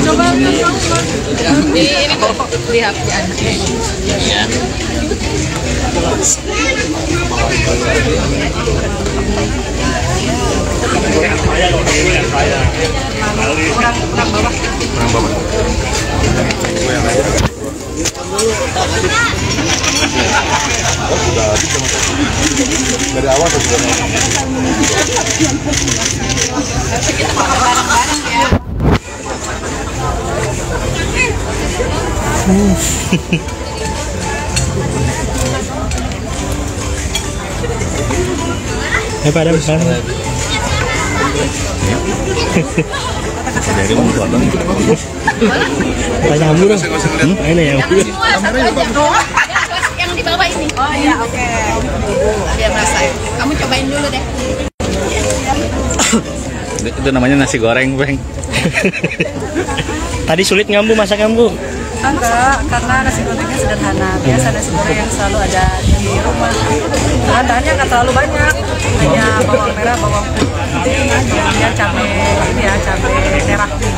coba ini ini kok lihat di ya sudah dari awal sudah ya pak ada pesan jadi mau potong tanya kamu dong hmm? ini ya yang di bawah ini oh iya oke okay. merasa. kamu cobain dulu deh itu namanya nasi goreng bang tadi sulit ngambu masak ngambu Enggak, karena nasi gorengnya sederhana. Biasa nasi goreng yang selalu ada di rumah. Bahan-bahannya nggak terlalu banyak. Hanya bawang merah, bawang putih, kemudian cabai ini ya, cabai merah. Di,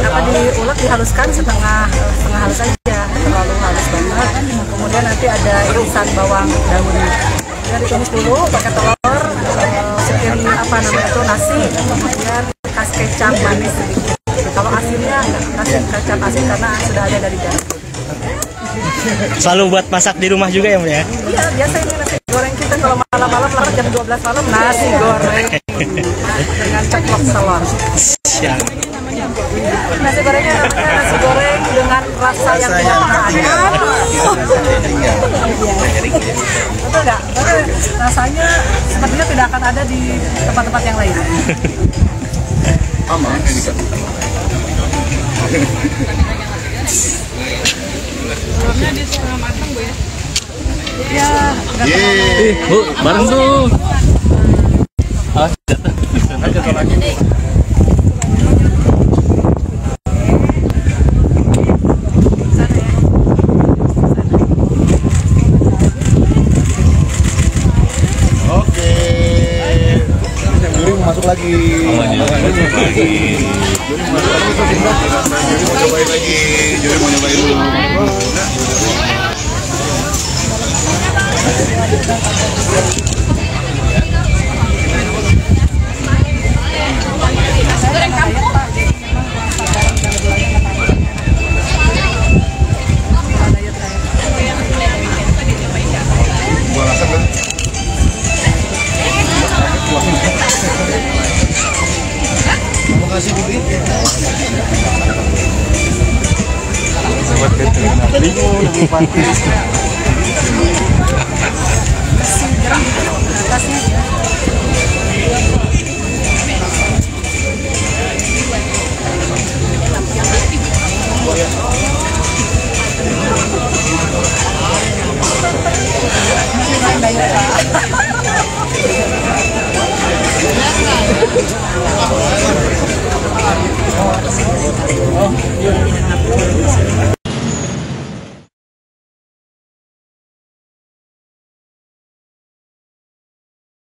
apa diulek dihaluskan setengah setengah halus aja, terlalu halus banget. Kemudian nanti ada irisan bawang daun. Jadi ditumis dulu pakai telur, eh, sekian apa namanya itu nasi, kemudian kas kecap manis sedikit cap asin karena sudah ada dari dalam. Selalu buat masak di rumah juga ya, Bu ya? Iya, biasa ini nasi goreng kita kalau malam-malam lah jam 12 malam nasi goreng dengan ceplok telur. Siang. Nasi gorengnya nasi goreng dengan rasa yang kuat. Betul nggak? Rasanya sepertinya tidak akan ada di tempat-tempat yang lain. Aman, ini kan. Telurnya di setengah Bu ya. Ya, Ih, Bu, bareng tuh. Ah, jatuh. Jatuh masuk lagi. masuk lagi. Jadi mau cobain lagi, mau Galing mo, nakipati.